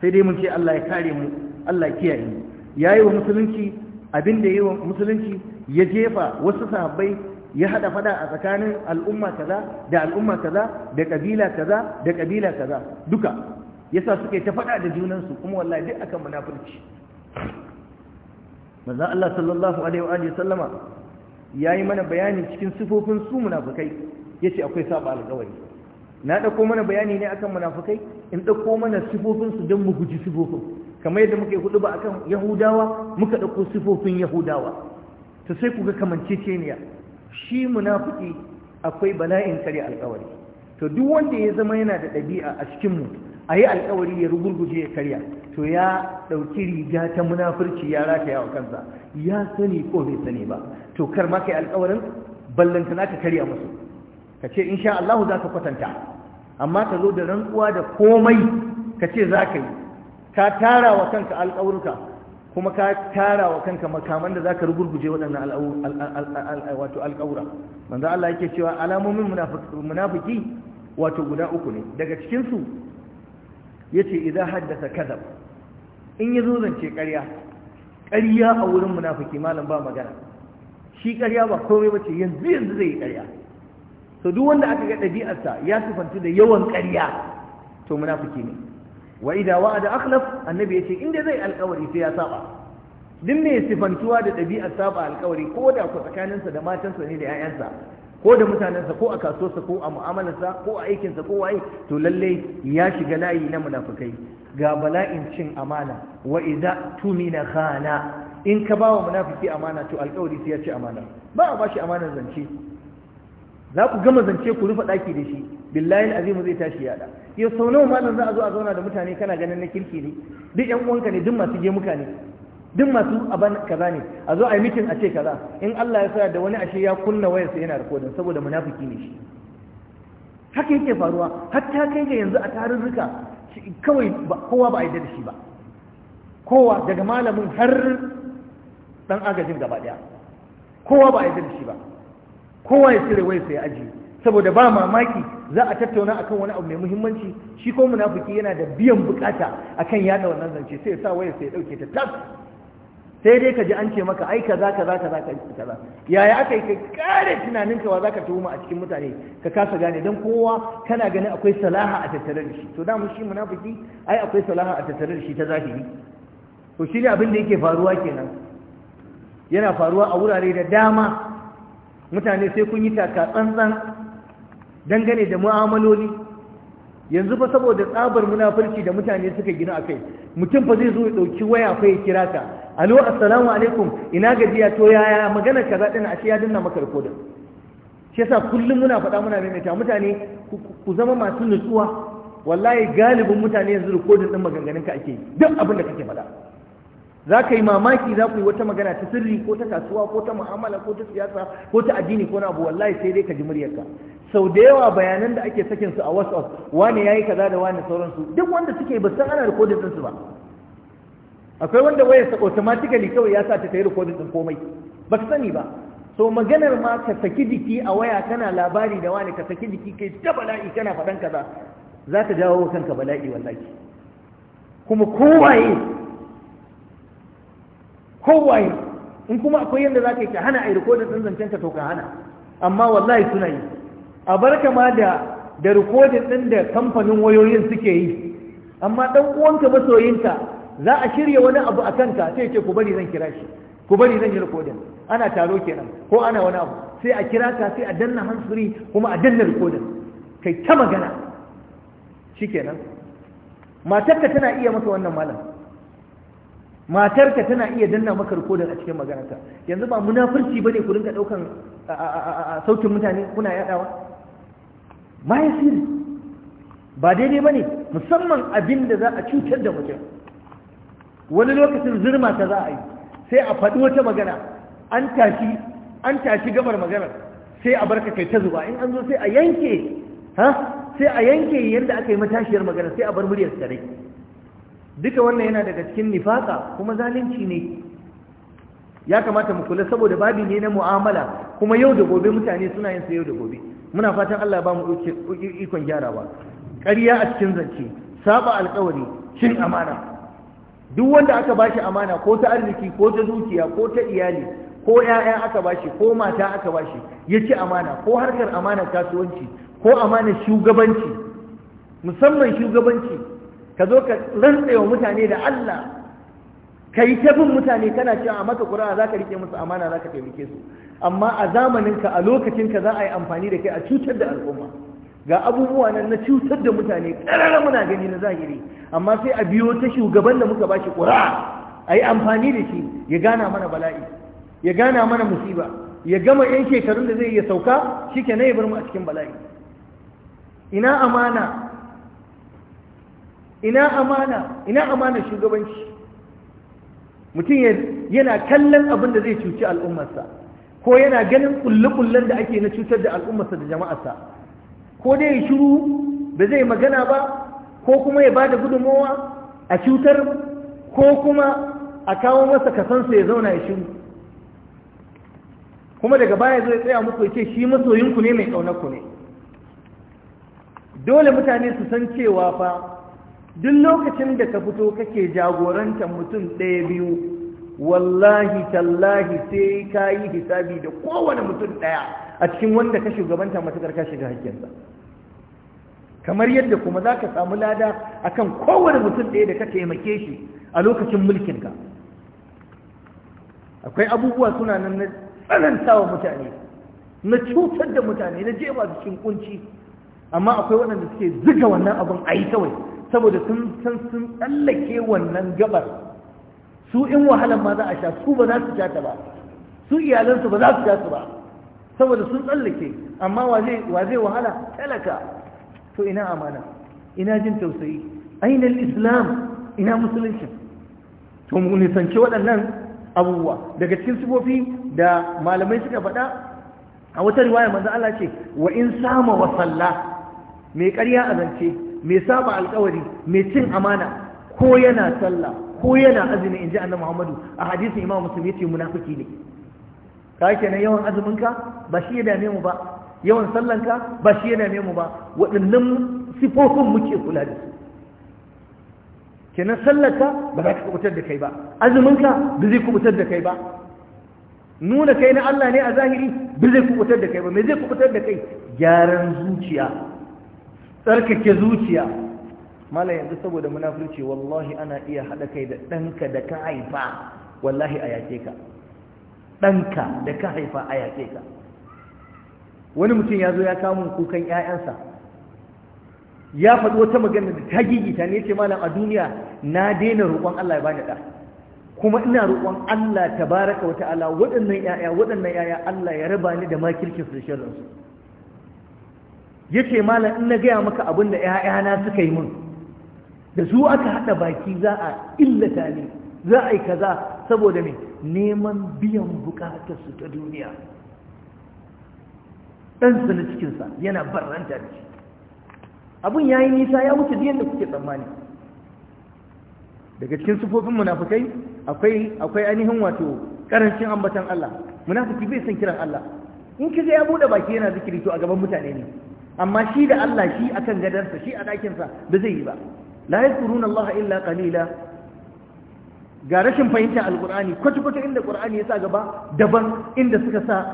sai dai mun ce Allah ya kare mu Allah ya kiyaye mu yayi wa musulunci abin da yayi wa musulunci ya jefa wasu sahabbai ya hada fada a tsakanin al'umma kaza da al'umma kaza da kabila kaza da kabila kaza duka yasa suke ta fada da junansu kuma wallahi duk akan munafurci manzo Allah sallallahu alaihi wa alihi sallama yayi mana bayani cikin sifofin su munafukai yace akwai saba alƙawari na dauko mana bayani ne akan munafukai, in dauko mana sifofin su don mu guji sifofin kamar yadda muke hudu ba akan yahudawa muka dauko sifofin yahudawa to sai ku kamanceceniya shi munafiki akwai bala'in kare alkawari to duk wanda ya zama yana da ɗabi'a a cikin mu a yi alkawari ya rugurguje ya karya to ya ɗauki riga ta munafurci ya rataya wa kansa ya sani ko bai sani ba to kar ma kai alkawarin ballanta na ka karya musu ka ce insha Allah za ka kwatanta amma ka zo da rantsuwa da komai ka ce za ka yi ka tara wa kanka alkawurka kuma ka tara wa kanka makaman da za zaka rugurguje waɗannan wato alƙawura manzo Allah yake cewa alamomin munafiki wato guda uku ne daga cikinsu ya ce idan haddasa kadab in ya zo zance ƙarya ƙarya a wurin munafiki malam ba magana shi ƙarya ba komai ce yanzu yanzu zai yi ƙarya to duk wanda aka ga ɗabi'arsa ya sifanci da yawan ƙarya to munafiki ne wa idza wa'ada akhlaf annabi yace inda zai alƙawari sai ya saba din mai sifantuwa da dabi'ar saba alƙawari ko da ku tsakaninsa da matansa ne da 'ya'yansa ko da mutanensa ko a kasuwarsa ko a mu'amalarsa ko a aikinsa ko waye to lalle ya shiga layi na munafukai ga bala'in cin amana wa idza tumina khana in ka bawa munafiki amana to alƙawari sai ya ci amana ba a bashi amanar zance za ku gama zance ku rufe ɗaki da shi billahi azimu zai tashi yada Ya sau nawa malam za a zo a zauna da mutane kana ganin na kirki ne duk yan uwanka ne duk masu gemuka ne duk masu aban kaza ne a zo a yi mitin a ce kaza in Allah ya sa da wani ashe ya kunna wayar wayarsa yana rikodin saboda munafiki ne shi haka yake faruwa hatta kai ga yanzu a tarurruka kawai kowa ba a yarda da shi ba kowa daga malamin har dan agajin gaba daya kowa ba a yarda da shi ba kowa ya cire wai sai aji saboda ba mamaki za a tattauna akan wani abu mai muhimmanci shi ko munafiki yana da biyan bukata akan yada wannan zance sai ya sa waya sai ya dauke ta tas sai dai ka ji an ce maka ai kaza kaza kaza kaza yaya aka yi ka kare tunanin ka zaka mu a cikin mutane ka kasa gane dan kowa kana ganin akwai salaha a tattare da shi to da mu shi munafiki ai akwai salaha a tattare da shi ta zahiri to shi ne abin da yake faruwa kenan yana faruwa a wurare da dama mutane sai kun yi taka tsantsan dangane da mu'amaloli yanzu fa saboda tsabar munafurci da mutane suka gina akai mutum fa zai zo ya ɗauki waya fa ya kira ka alo assalamu alaikum ina gajiya to yaya magana kaza din a ya dinna maka da shi yasa kullum muna faɗa muna maimaita mutane ku zama masu nutsuwa wallahi galibin mutane yanzu rikodin din maganganun ka ake duk abin da kake faɗa za ka yi mamaki za ku yi wata magana ta sirri ko ta kasuwa ko ta mu'amala ko ta siyasa ko ta addini ko na abu wallahi sai dai ka ji muryarka sau da yawa bayanan da ake sakin su a whatsapp wane yayi kaza da wani sauransu duk wanda suke ba san ana recording din su ba akwai wanda waya sa automatically kawai ya sa ta tayi recording din komai ba ka sani ba so maganar ma ka saki jiki a waya kana labari da wani ka saki jiki kai ta bala'i kana faɗan kaza za ka jawo kanka bala'i wallahi kuma kowaye kowaye in kuma akwai yadda za ka yi ka hana a yi rikodin ɗin zancen ka to ka hana amma wallahi suna yi a bar kama da da rikodin ɗin da kamfanin wayoyin suke yi amma ɗan uwanka masoyinka za a shirya wani abu a kanka sai ce ku bari zan kira shi ku bari zan yi rikodin ana taro kenan ko ana wani abu sai a kira ka sai a danna hansuri kuma a danna rikodin kai ta magana kenan. matarka tana iya masa wannan malam matarka tana iya danna maka rikodin a cikin maganarka yanzu ba munafurci bane ku rinka daukan sautin mutane kuna yadawa ma ya sirri ba daidai bane musamman abin da za a cutar da mutum wani lokacin zirma ta za a yi sai a faɗi wata magana an tashi an tashi gabar maganar sai a barka kai ta zuba in an zo sai a yanke ha sai a yanke yadda aka yi matashiyar magana sai a bar muryar tare duka wannan yana daga cikin nifaka kuma zalunci ne ya kamata mu kula saboda babin ne na mu'amala kuma yau da gobe mutane suna yin sa yau da gobe muna fatan Allah ya ba mu ikon gyarawa ƙarya a cikin zance saba alƙawari cin amana duk wanda aka bashi amana ko ta arziki ko ta dukiya ko ta iyali ko ƴaƴa aka bashi ko mata aka bashi ya ci amana ko harkar amana kasuwanci ko amana shugabanci musamman shugabanci ka zo ka rantsa wa mutane da Allah ka yi bin mutane kana cewa a maka ƙura'a za ka rike musu amana za ka taimake su amma a zamaninka a lokacin ka za a yi amfani da kai a cutar da al'umma ga abubuwa nan na cutar da mutane ƙarara muna gani na zahiri amma sai a biyo ta shugaban da muka bashi ƙura'a a yi amfani da shi ya gana mana bala'i ya gana mana musiba ya gama yan shekarun da zai iya sauka shi ke na yi bar mu a cikin bala'i ina amana ina amana ina amana shugabanci mutum yana kallon abin da zai cuci al'ummarsa ko yana ganin kulle-kullen da ake na cutar da al'ummarsa da jama'arsa ko dai ya shiru ba zai magana ba ko kuma ya ba da gudunmowa a cutar ko kuma a kawo masa kasansa ya zauna ya shiru kuma daga baya zai tsaya muku ya ce shi masoyinku ne mai ƙaunarku ne dole mutane su san cewa fa duk lokacin da ka fito kake jagorantar mutum ɗaya biyu wallahi tallahi sai ka yi hisabi da kowane mutum ɗaya a cikin wanda ka shugabanta masu ka shiga hakkinsa kamar yadda kuma za ka samu lada a akan kowane mutum ɗaya da ka taimake shi a lokacin mulkinka akwai abubuwa suna nan na wa mutane na cutar da mutane na jefa cikin kunci amma akwai waɗanda suke ziga wannan abin a yi kawai saboda sun san sun tsallake wannan gabar su in wahalan ma za a sha su ba za su sha ta ba su iyalansu ba za su sha su ba saboda sun tsallake amma wa zai wahala talaka to ina amana ina jin tausayi aina islam ina musulunci to mu nisanci waɗannan abubuwa daga cikin sifofi da malamai suka faɗa a wata riwaya manzo Allah ce wa in sama wa salla Me ƙarya a zance mai saba alkawari mai cin amana ko yana sallah ko yana azumi ji annabi Muhammadu a hadisin Imam Muslim yace munafiki ne ka kenan yawan azumin ka ba shi ya dame mu ba yawan sallan ka ba shi ya dame mu ba waɗannan sifofin muke kula da su kenan sallar ka ba za ka kubutar da kai ba azumin ka ba zai kubutar da kai ba nuna kai na Allah ne a zahiri ba zai kubutar da kai ba me zai kubutar da kai gyaran zuciya tsarkake zuciya mala yanzu saboda munafurci wallahi ana iya haɗa kai da ɗanka da ka haifa wallahi a yake ka ɗanka da ka haifa a yake ka wani mutum ya zo ya kamun kukan 'ya'yansa ya faɗi wata magana da ta gigita ne ce malam a duniya na daina roƙon Allah ya bani ɗa kuma ina roƙon Allah ta baraka wa ta'ala waɗannan 'ya'ya waɗannan 'ya'ya Allah ya raba ni da makirkin su da shirinsu. yace malam in na gaya maka abin da ƴaƴana suka yi min da su aka haɗa baki za a illata ne za a yi kaza saboda me neman biyan bukatar su ta duniya dan na cikin yana barranta da shi abin yayi nisa ya wuce diyan da kuke tsammani daga cikin sufofin munafikai akwai akwai ainihin wato karancin ambatan Allah munafuki bai son kiran Allah in kaje ya bude baki yana zikiri to a gaban mutane ne amma shi da Allah shi akan gadarsa shi a ɗakinsa ba zai yi ba la yadhkuruna Allah illa ƙalila ga rashin fahimtar Al-Ƙur'ani, kwata-kwata inda ƙur'ani ya sa gaba daban inda suka sa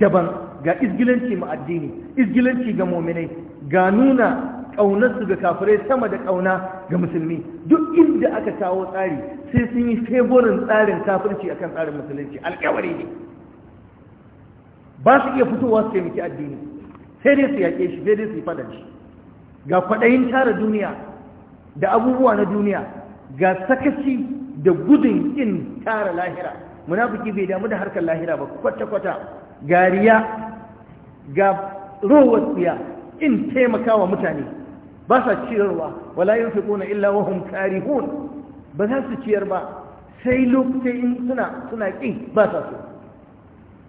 daban ga izgilanci ma'addini addini izgilanci ga mominai, ga nuna ƙaunarsu ga kafirai sama da ƙauna ga musulmi duk inda aka kawo tsari sai sun yi favorin tsarin kafirci akan tsarin musulunci alƙawari ne ba su iya fitowa su taimaki addini sai dai su yaƙe shi sai dai su yi faɗa shi ga kwaɗayin tara duniya da abubuwa na duniya ga sakaci da gudun in tara lahira munafiki bai damu da harkar lahira ba kwata-kwata ga riya ga rowar tsiya in taimakawa mutane ba sa ciyarwa wala yunfiquna illa wa karihun ba za su ciyar ba sai lokacin suna suna ba sa so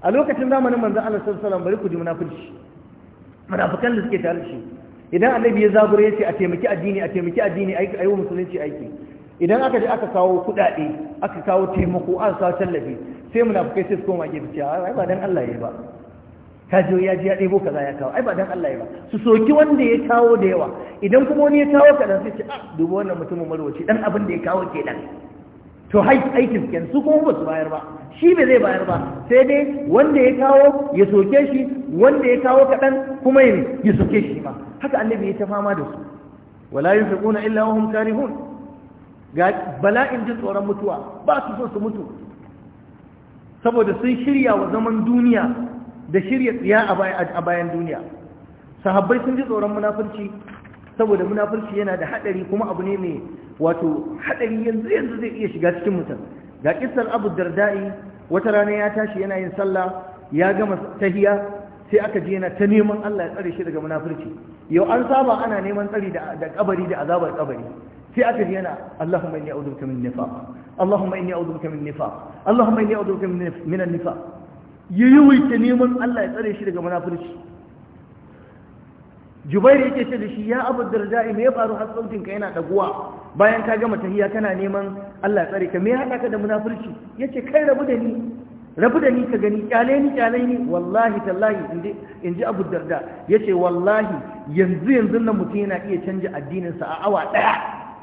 a lokacin zamanin manzan Allah sallallahu alaihi wasallam bari ku ji munafurci munafikan da suke tare da shi idan annabi ya zabura ya ce a taimaki addini a taimaki addini a yi musulunci aiki idan aka je aka kawo kudade aka kawo taimako an kawo tallafi sai munafikai sai su koma gefe cewa ai ba dan Allah yayi ba ka je ya ji ya ɗebo kaza ya kawo ai ba dan Allah yayi ba su soki wanda ya kawo da yawa idan kuma wani ya kawo kadan sai ce a ah, dubo wannan mutumin marwaci dan abin da ya kawo kenan to aikin kenan su kuma ba su bayar ba shi ba zai bayar ba sai dai wanda ya kawo ya soke shi wanda ya kawo kaɗan kuma ya soke shi ma haka annabi ya ta fama da su wala yunfiquna illa wa hum karihun ga bala'in ji tsoron mutuwa ba su so su mutu saboda sun shirya wa zaman duniya da shirya tsiya a bayan duniya sahabbai sun ji tsoron munafurci saboda munafurci yana da haɗari, kuma abu ne mai wato haɗari, yanzu yanzu zai iya shiga cikin mutum ga kissar Abu Darda'i wata rana ya tashi yana yin sallah ya gama tahiya sai aka je yana ta neman Allah ya tsare shi daga munafurci yau an saba ana neman tsari da kabari da azabar kabari sai aka je yana Allahumma inni a'udhu bika min nifaq Allahumma inni a'udhu bika min nifaq Allahumma inni a'udhu bika min an-nifaq yayi wai neman Allah ya tsare shi daga munafurci jubairu yake ce da shi ya abu darda'i me ya faru har sautin ka yana daguwa bayan ka gama tahiyya kana neman Allah tsare ka me ya hada ka da munafurci yace kai rabu da ni rabu da ni ka gani kyale ni kyale ni wallahi tallahi inji inji abu darda yace wallahi yanzu yanzu nan mutum yana iya canja addinin sa a awa ɗaya.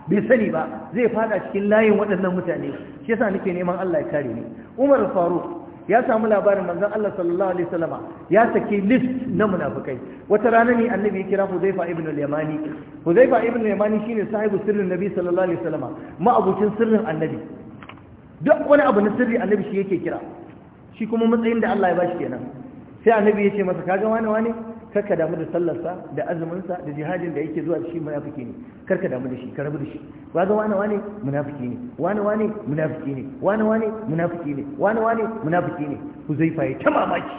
bai sani ba zai faɗa cikin layin waɗannan mutane shi yasa nake neman Allah ya kare ni Umar Faruk ya samu labarin manzon Allah sallallahu alaihi wasallama ya saki list na munafikai wata rana ne annabi ya kira Hudhaifa ibn al-Yamani Hudhaifa ibn al-Yamani shine sahibu sirrin Nabi sallallahu alaihi wasallama ma'abucin sirrin annabi duk wani abu na sirri annabi shi yake kira shi kuma matsayin da Allah ya bashi kenan sai annabi ya ce masa kaga wani wani karka damu da sallarsa da azuminsa da jihadin da yake zuwa da shi munafiki ne karka damu da shi ka rabu da shi ga wani wani munafiki ne wani wani munafiki ne wani wani munafiki ne wani wani munafiki ne ku zai faye ta mamaki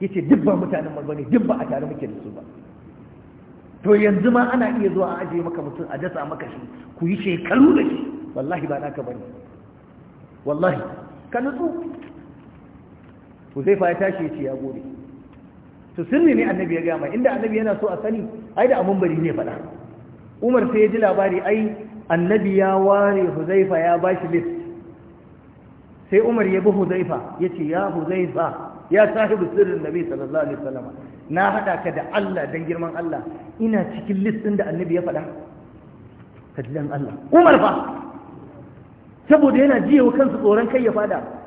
yace duk ba mutanen manzo ne duk ba a tare muke da su ba to yanzu ma ana iya zuwa a ajiye maka mutum a dasa maka shi ku yi shekaru da shi wallahi ba naka bane wallahi ka nutsu ku zai ya tashi yace ya gode to sirri ne annabi ya gama inda annabi yana so a sani ai da abun bari ne faɗa umar sai ya ji labari ai annabi ya ware huzaifa ya bashi list sai umar ya bi huzaifa ya ce ya huzaifa ya sahibu sirrin nabi sallallahu alaihi wasallam na hada ka da Allah dan girman Allah ina cikin list din da annabi ya faɗa ka Allah umar fa saboda yana jiya wa kansa tsoron kai ya fada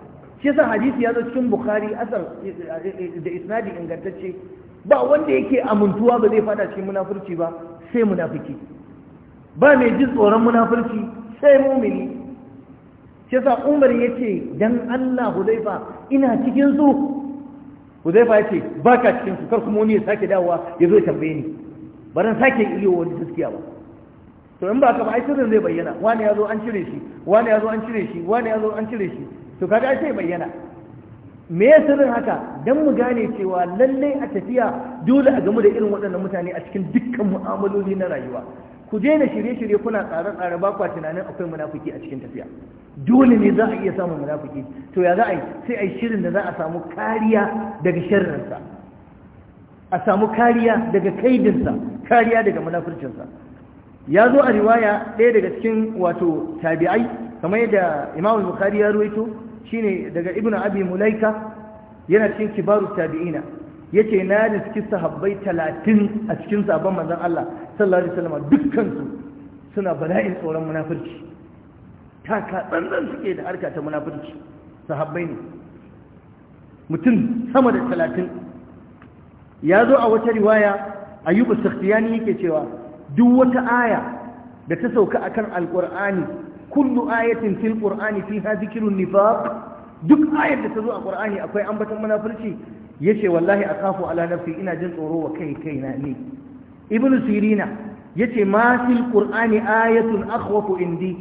shi yasa hadisi ya zo cikin bukhari asar da isnadi ingantacce ba wanda yake amintuwa ba zai fada cikin munafurci ba sai munafiki ba mai jin tsoron munafurci sai mumini shi yasa umar ya ce, dan Allah hudaifa ina cikin su hudaifa ba ka cikin su kar kuma wani ya sake dawowa ya zo ya tambaye ni baran sake iyo wani gaskiya ba to in ba ka ba ai sirrin zai bayyana wani ya zo an cire shi wani ya zo an cire shi wani ya zo an cire shi to kaga sai bayyana me ya sirrin haka don mu gane cewa lallai a tafiya dole a gamu da irin waɗannan mutane a cikin dukkan mu'amaloli na rayuwa ku je na shirye-shirye kuna tsare-tsare ba kwa tunanin akwai munafuki a cikin tafiya dole ne za a iya samun munafuki to ya za a yi sai a yi shirin da za a samu kariya daga sharrinsa a samu kariya daga kaidinsa kariya daga munafurcinsa ya zo a riwaya ɗaya daga cikin wato tabi'ai kamar yadda imamu bukhari ya ruwaito shine daga ibnu abi mulaika yana cikin kibaru tabi'ina yace na riski sahabbai 30 a cikin sabon manzon Allah sallallahu alaihi wasallam dukkan su suna bala'in tsoron munafurci taka tsantsan suke da harka ta munafurci sahabbai ne mutum sama da 30 ya zo a wata riwaya ayyubu sakhtiyani yake cewa duk wata aya da ta sauka akan alqur'ani kullu ayatin fil qur'ani zikirin dhikrun duk ayar da ta zo a qur'ani akwai ambaton munafurci yace wallahi a kafu ala nafsi ina jin tsoro wa kai kaina ne ibnu sirina yace ma fil qur'ani ayatun akhwafu indi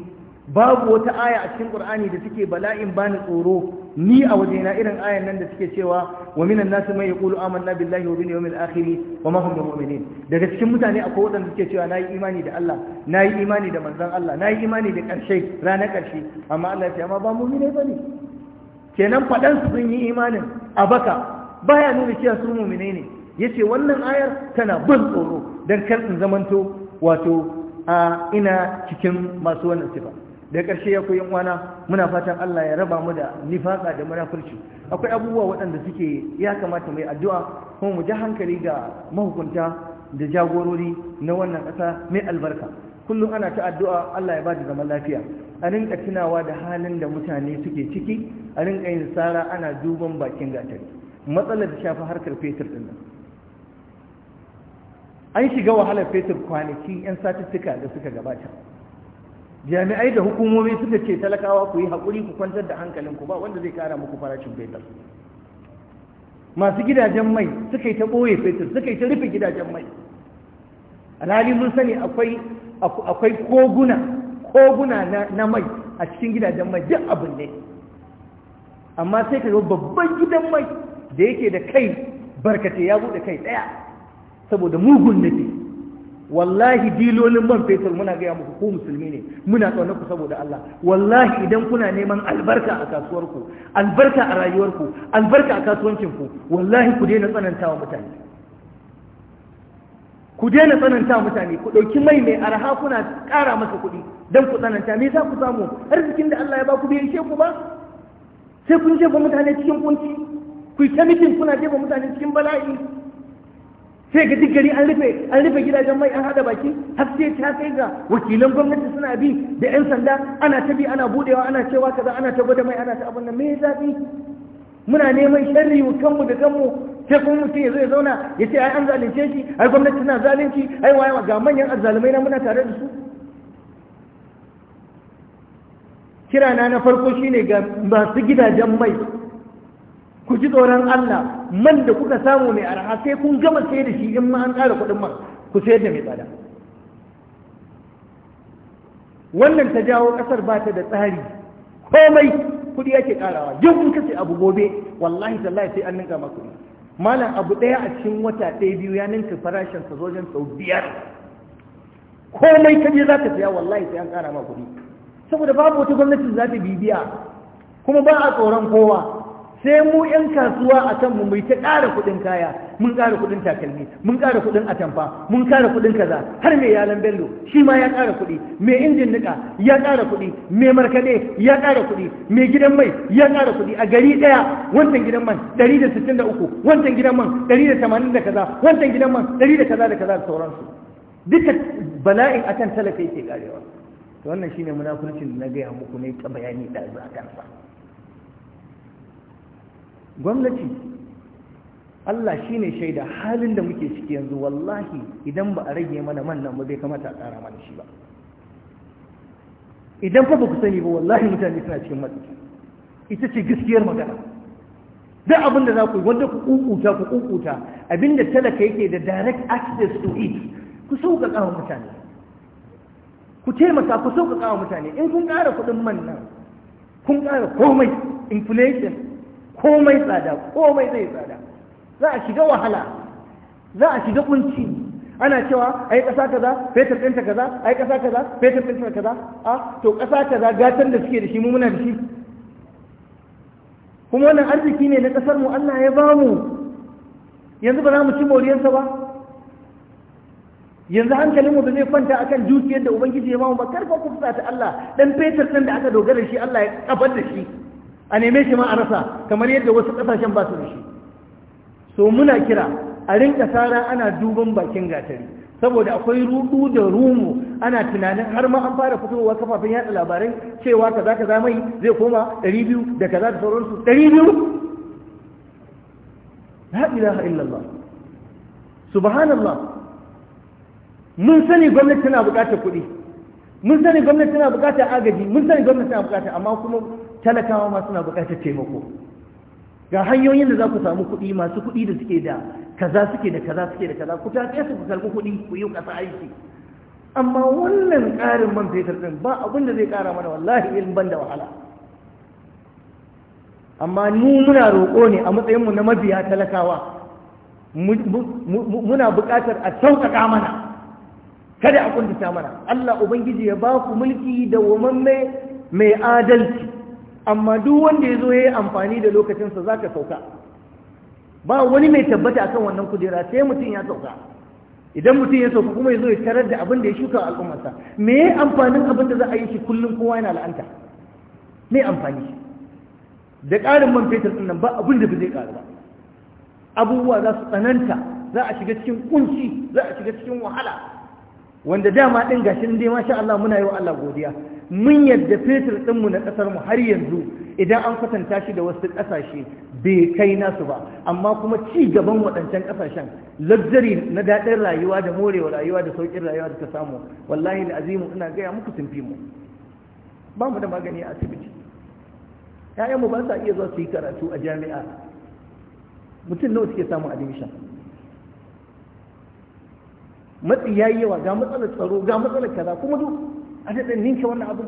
babu wata aya a cikin qur'ani da take bala'in bani tsoro ni a wajena irin ayan nan da suke cewa wa minan nas man yaqulu amanna billahi wa bil yawmil akhir wa ma hum mu'minin daga cikin mutane akwai wadanda suke cewa nayi imani da Allah nayi imani da manzon Allah nayi imani da karshe ranar karshe amma Allah ya ce amma ba mu'mine bane kenan fadan su sun yi imanin a baka baya nuna cewa su mu'mine ne yace wannan ayar tana ban tsoro dan kar in zamanto wato a ina cikin masu wannan sifa da ƙarshe ya koyi wana muna fatan Allah ya raba mu da nifaka da munafurci akwai abubuwa waɗanda suke ya kamata mai addu'a kuma mu ji hankali ga mahukunta da jagorori na wannan ƙasa mai albarka kullum ana ta addu'a Allah ya ba da zaman lafiya a rinka tunawa da halin da mutane suke ciki a rinka yin tsara ana duban bakin gatari matsalar da shafi harkar fetur din nan an shiga wahalar fetur kwanaki 'yan satuttuka da suka gabata jami'ai da hukumomi suka ce talakawa ku yi haƙuri ku kwantar da hankalinku ba wanda zai kara muku farashin fetur masu gidajen mai suka yi ta ɓoye fetur suka yi ta rufe gidajen mai alhali mun sani akwai akwai koguna koguna na mai a cikin gidajen mai duk abin ne amma sai ka zo babban gidan mai da yake da kai barkace ya buɗe kai ɗaya saboda mugun nufi wallahi dilolin man fetur muna gaya muku ko musulmi ne muna tsaune ku saboda Allah wallahi idan kuna neman albarka a kasuwarku albarka a rayuwarku albarka a kasuwancinku wallahi ku daina tsanantawa mutane ku daina tsananta mutane ku ɗauki mai mai arha kuna ƙara masa kuɗi don ku tsananta me za ku samu arzikin da Allah ya ba ku bai ishe ku ba sai kun jefa mutane cikin kunci ku yi ta mitin kuna jefa mutane cikin bala'i sai ga digari an rufe an rufe gidajen mai an hada baki har sai ta kai ga wakilan gwamnati suna bi da yan sanda ana ta bi ana budewa ana cewa kaza ana ta gwada mai ana ta abin nan me zabi muna neman sharri kanmu da kanmu sai kuma mutum ya zo zauna ya ce ai an zalunce shi ai gwamnati tana zalunci ai waye ga manyan azzalumai na muna tare da su kira na na farko shine ga masu gidajen mai ku ji tsoron Allah man da kuka samu mai arha sai kun gama sai da shi in ma an ƙara kuɗin man ku sayar da mai tsada wannan ta jawo ƙasar ba ta da tsari komai kuɗi ake ƙarawa yau in kace abu gobe wallahi tallahi sai an ninka maka kuɗi malam abu ɗaya a cikin wata ɗaya biyu ya ninka farashin sa wajen sau biyar komai ka je za ka saya wallahi sai an ƙara ma kuɗi saboda babu wata gwamnati za ta bibiya kuma ba a tsoron kowa sai mu 'yan kasuwa a kan mu mai ta ƙara kuɗin kaya mun ƙara kuɗin takalmi mun ƙara kuɗin atamfa mun ƙara kuɗin kaza har mai yalan bello shi ma ya ƙara kuɗi mai injin nika ya ƙara kuɗi mai markaɗe ya ƙara kuɗi mai gidan mai ya ƙara kuɗi a gari ɗaya wancan gidan man ɗari da sittin da uku wancan gidan man ɗari da tamanin da kaza wancan gidan man ɗari da kaza da kaza da sauransu duka bala'in akan talaka yake ƙarewa to wannan shine munafurcin da na gaya muku ne ta bayani ɗazu a kansa gwamnati Allah shi ne shaida halin da muke ciki yanzu wallahi idan ba a rage mana man nan ba zai kamata a tsara mana shi ba idan fa ba ku sani ba wallahi mutane suna cikin matsala ita ce gaskiyar magana duk abin da za ku yi wanda ku kukuta ku kukuta abinda talaka yake da direct access to it ku sauƙaƙa wa mutane ku taimaka ku sauƙaƙa wa mutane in kun ƙara kuɗin man nan kun ƙara komai inflation komai tsada komai zai tsada za a shiga wahala za a shiga kunci ana cewa ai ƙasa kaza fetur ɗinta kaza ai ƙasa kaza fetur ɗinta kaza a to ƙasa kaza gatan da suke da shi mu muna da shi kuma wannan arziki ne na ƙasar mu Allah ya ba mu yanzu ba za mu ci moriyarsa ba yanzu hankalinmu ba zai kwanta akan dukiyar da ubangiji ya ba mu ba karfa ku ta Allah dan fetur ɗin da aka dogara shi Allah ya kabar da shi a neme shi ma a rasa kamar yadda wasu kasashen ba su da shi so muna kira a rinka tsara ana duban bakin gatari saboda akwai rudu da rumu ana tunanin har ma an fara fitowa kafafen yada labarai cewa kaza kaza mai zai koma 200 da kaza da sauransu 200 la ilaha illallah subhanallah mun sani gwamnati tana bukatar kuɗi mun sani gwamnati tana bukatar agaji mun sani gwamnati tana bukatar amma kuma talakawa ma suna bukatar taimako ga hanyoyin da za ku samu kuɗi masu kuɗi da suke da kaza suke da kaza suke da kaza ku tafiye su ku kuɗi ku yi ƙasa aiki amma wannan ƙarin man fetur ɗin ba abin da zai ƙara mana wallahi in ban da wahala amma ni muna roƙo ne a matsayinmu na mabiya talakawa muna buƙatar a sauƙaƙa mana kada a kuntata mana Allah Ubangiji ya ba ku mulki da wamamme mai adalci amma duk wanda ya zo ya yi amfani da lokacinsa za ka sauka ba wani mai tabbata a kan wannan kujera sai mutum ya sauka idan mutum ya sauka kuma ya zo ya tarar da abin da ya shuka al'ummarsa me ya amfanin abin da za a yi shi kullum kowa yana la'anta me amfani da ƙarin man fetur ɗin nan ba abin da ba zai ƙaru ba abubuwa za su tsananta za a shiga cikin kunci za a shiga cikin wahala wanda dama din gashin dai masha Allah muna yi wa Allah godiya mun yadda fetur ɗinmu na ƙasar mu har yanzu idan an kwatanta shi da wasu ƙasashe bai kai nasu ba amma kuma ci gaban waɗancan ƙasashen luxury na daɗin rayuwa da morewa rayuwa da sauƙin rayuwa da ta samu wallahi da azimu ina gaya muku sun fi mu ba mu da magani a asibiti ƴaƴanmu ba sa iya zuwa su yi karatu a jami'a mutum nawa suke samun admission matsi ya yi yawa ga matsalar tsaro ga matsalar kaza kuma duk a daɗin ninke wannan abin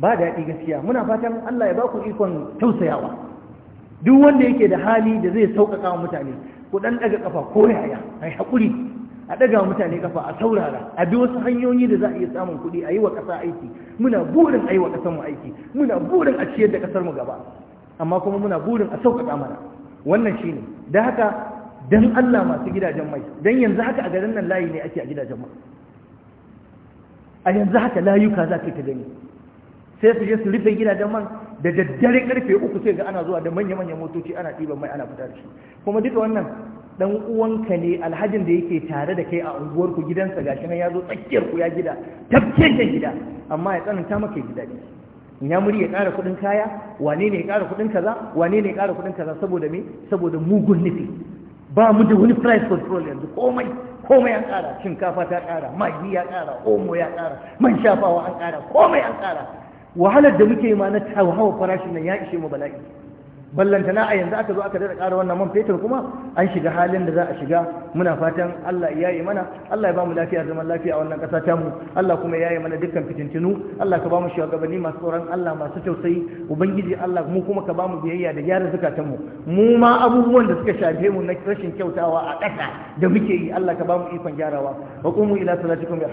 ba daɗi gaskiya muna fatan Allah ya ba ku ikon tausayawa duk wanda yake da hali da zai sauƙaƙa wa mutane ku ɗan ɗaga ƙafa ko yaya a haƙuri a ɗaga wa mutane ƙafa a saurara a bi wasu hanyoyi da za a iya samun kuɗi a yi wa ƙasa aiki muna burin a yi wa ƙasarmu aiki muna burin a ciyar da ƙasarmu gaba amma kuma muna burin a sauƙaƙa mana wannan shine da haka dan Allah masu gidajen mai dan yanzu haka a garin nan layi ne ake a gidajen mai a yanzu haka layuka za ka ta gani sai su je su rufe gidajen man da daddare karfe uku sai ga ana zuwa da manya-manyan motoci ana ɗiban mai ana fitar shi kuma duka wannan dan uwanka ne alhajin da yake tare da kai a unguwar ku gidansa gashi nan ya zo tsakiyar ku ya gida tafkiyar da gida amma ya tsananta maka gida ne ya muri ya ƙara kuɗin kaya wane ne ya ƙara kuɗin kaza wane ne ya ƙara kuɗin kaza saboda me saboda mugun nufi ba mu da wani price control yanzu komai komai an ƙara shinkafa ta ƙara magi ya ƙara omo ya ƙara man shafawa an ƙara komai an ƙara wahalar da muke ma na hawa farashin nan ya ishe mu bala'i ballantana a yanzu aka zo aka daɗa ƙara wannan man fetur kuma an shiga halin da za a shiga muna fatan Allah ya yi mana Allah ya ba mu lafiya zaman lafiya a wannan ƙasa ta mu Allah kuma ya yi mana dukkan fitintinu Allah ka ba mu shugabanni masu tsoron Allah masu tausayi ubangiji Allah mu kuma ka ba mu biyayya da gyara zukatan mu mu ma abubuwan da suka shafe mu na rashin kyautawa a ƙasa da muke yi Allah ka ba mu ikon gyarawa wa qumu ila salatikum